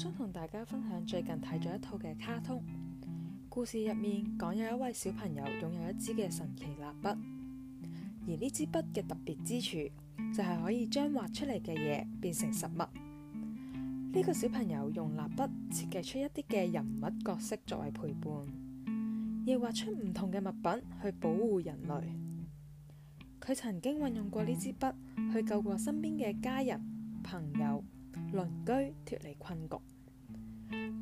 想同大家分享最近睇咗一套嘅卡通故事，入面講有一位小朋友擁有一支嘅神奇蠟筆，而呢支筆嘅特別之處就係可以將畫出嚟嘅嘢變成實物。呢個小朋友用蠟筆設計出一啲嘅人物角色作為陪伴，亦畫出唔同嘅物品去保護人類。佢曾經運用過呢支筆去救過身邊嘅家人、朋友、鄰居脫離困局。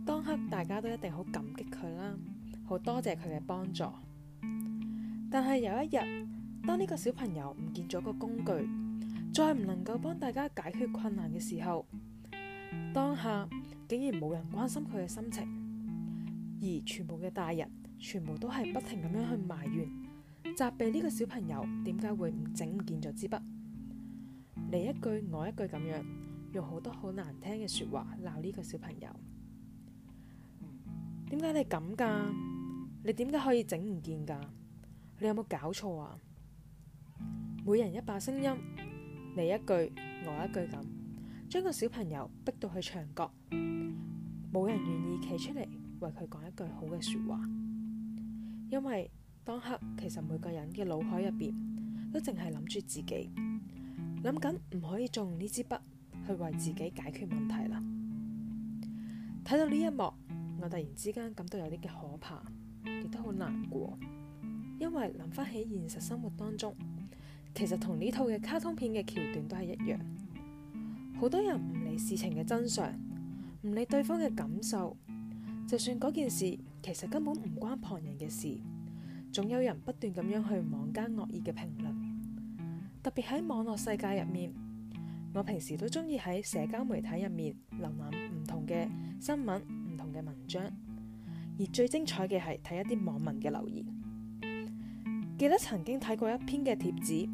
當刻大家都一定好感激佢啦，好多謝佢嘅幫助。但係有一日，當呢個小朋友唔見咗個工具，再唔能夠幫大家解決困難嘅時候，當下竟然冇人關心佢嘅心情，而全部嘅大人全部都係不停咁樣去埋怨責備呢個小朋友點解會唔整唔見咗支筆，你一句我一句咁樣用好多好難聽嘅說話鬧呢個小朋友。點解你咁噶？你點解可以整唔見噶？你有冇搞錯啊？每人一把聲音，你一句我、呃、一句咁，將個小朋友逼到去牆角，冇人願意企出嚟，為佢講一句好嘅說話，因為當刻其實每個人嘅腦海入邊都淨係諗住自己，諗緊唔可以用呢支筆去為自己解決問題啦。睇到呢一幕。我突然之間感到有啲嘅可怕，亦都好難過，因為諗返起現實生活當中，其實同呢套嘅卡通片嘅橋段都係一樣。好多人唔理事情嘅真相，唔理對方嘅感受，就算嗰件事其實根本唔關旁人嘅事，總有人不斷咁樣去網間惡意嘅評論。特別喺網絡世界入面，我平時都鍾意喺社交媒體入面瀏覽唔同嘅新聞同嘅文章，而最精彩嘅係睇一啲網民嘅留言。記得曾經睇過一篇嘅帖子，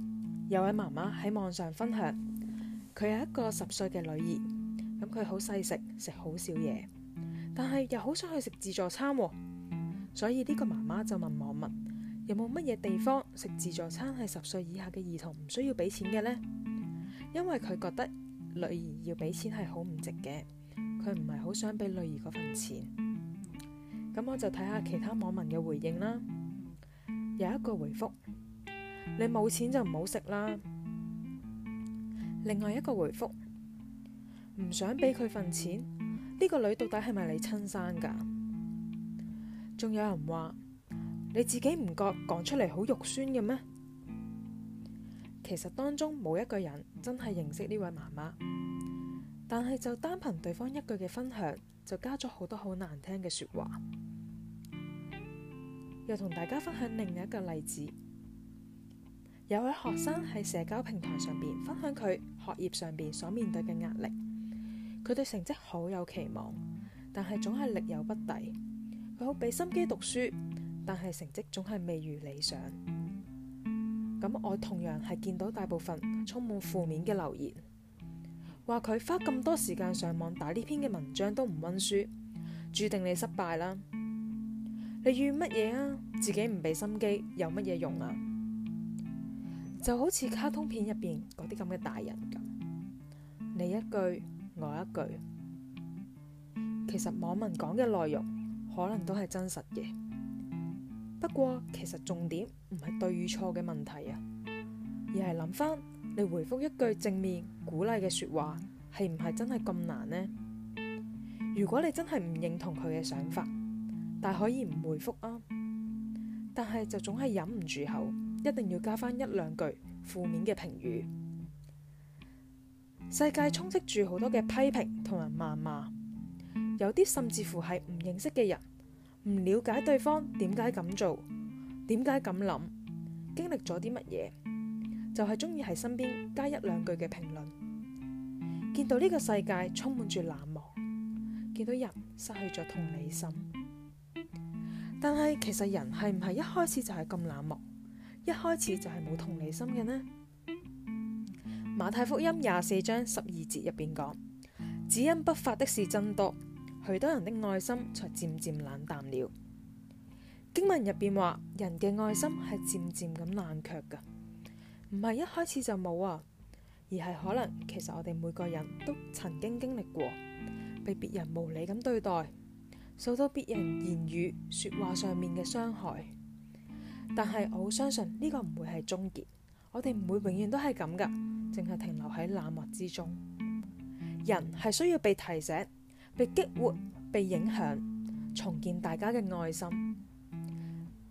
有位媽媽喺網上分享，佢有一個十歲嘅女兒，咁佢好細食，食好少嘢，但係又好想去食自助餐，所以呢個媽媽就問網民「有冇乜嘢地方食自助餐係十歲以下嘅兒童唔需要俾錢嘅呢？」因為佢覺得女兒要俾錢係好唔值嘅。佢唔係好想俾女兒嗰份錢，咁我就睇下其他網民嘅回應啦。有一個回覆：你冇錢就唔好食啦。另外一個回覆：唔想俾佢份錢，呢個女到底係咪你親生噶？仲有人話：你自己唔覺講出嚟好肉酸嘅咩？其實當中冇一個人真係認識呢位媽媽。但係就單憑對方一句嘅分享，就加咗好多好難聽嘅說話。又同大家分享另一個例子，有位學生喺社交平台上邊分享佢學業上邊所面對嘅壓力。佢對成績好有期望，但係總係力有不逮。佢好俾心機讀書，但係成績總係未如理想。咁我同樣係見到大部分充滿負面嘅留言。話佢花咁多時間上網打呢篇嘅文章都唔溫書，注定你失敗啦！你怨乜嘢啊？自己唔俾心機，有乜嘢用啊？就好似卡通片入邊嗰啲咁嘅大人咁，你一句我一句。其實網民講嘅內容可能都係真實嘅，不過其實重點唔係對與錯嘅問題啊，而係諗翻。你回覆一句正面鼓勵嘅說話，係唔係真係咁難呢？如果你真係唔認同佢嘅想法，但可以唔回覆啊，但係就總係忍唔住口，一定要加返一兩句負面嘅評語。世界充斥住好多嘅批評同埋謾罵，有啲甚至乎係唔認識嘅人，唔了解對方點解咁做，點解咁諗，經歷咗啲乜嘢。就係中意喺身邊加一兩句嘅評論，見到呢個世界充滿住冷漠，見到人失去咗同理心。但係其實人係唔係一開始就係咁冷漠，一開始就係冇同理心嘅呢？馬太福音廿四章十二節入邊講，只因不法的事增多，許多人的愛心才漸漸冷淡了。經文入邊話，人嘅愛心係漸漸咁冷卻㗎。唔係一開始就冇啊，而係可能其實我哋每個人都曾經經歷過被別人無理咁對待，受到別人言語說話上面嘅傷害。但係我相信呢個唔會係終結，我哋唔會永遠都係咁噶，淨係停留喺冷漠之中。人係需要被提醒、被激活、被影響，重建大家嘅愛心。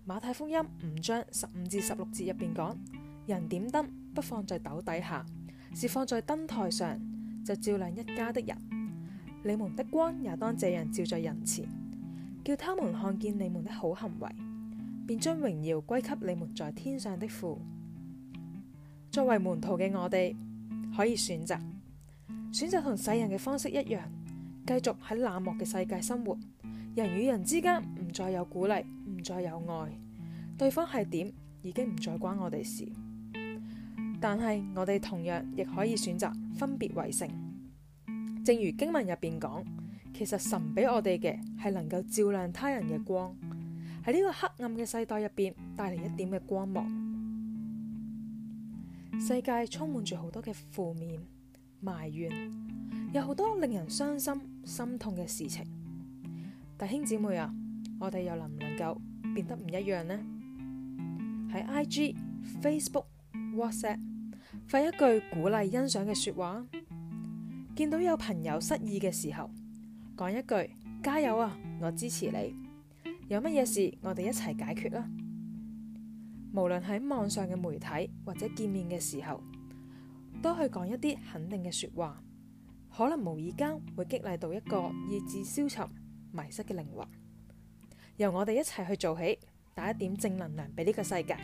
馬太福音五章十五至十六節入邊講。人點燈，不放在斗底下，是放在燈台上，就照亮一家的人。你們的光也當這樣照在人前，叫他們看見你們的好行為，便將榮耀歸給你們在天上的父。作為門徒嘅我哋，可以選擇選擇同世人嘅方式一樣，繼續喺冷漠嘅世界生活，人與人之間唔再有鼓勵，唔再有愛，對方係點已經唔再關我哋事。但係我哋同樣亦可以選擇分別為聖，正如經文入邊講，其實神俾我哋嘅係能夠照亮他人嘅光，喺呢個黑暗嘅世代入邊帶嚟一點嘅光芒。世界充滿住好多嘅負面埋怨，有好多令人傷心心痛嘅事情。弟兄姊妹啊，我哋又能唔能夠變得唔一樣呢？喺 IG、Facebook、WhatsApp，發一句鼓勵欣賞嘅說話，見到有朋友失意嘅時候，講一句加油啊，我支持你。有乜嘢事，我哋一齊解決啦。無論喺網上嘅媒體或者見面嘅時候，多去講一啲肯定嘅說話，可能無意間會激勵到一個意志消沉、迷失嘅靈魂。由我哋一齊去做起，打一點正能量俾呢個世界。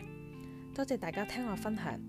多謝大家聽我分享。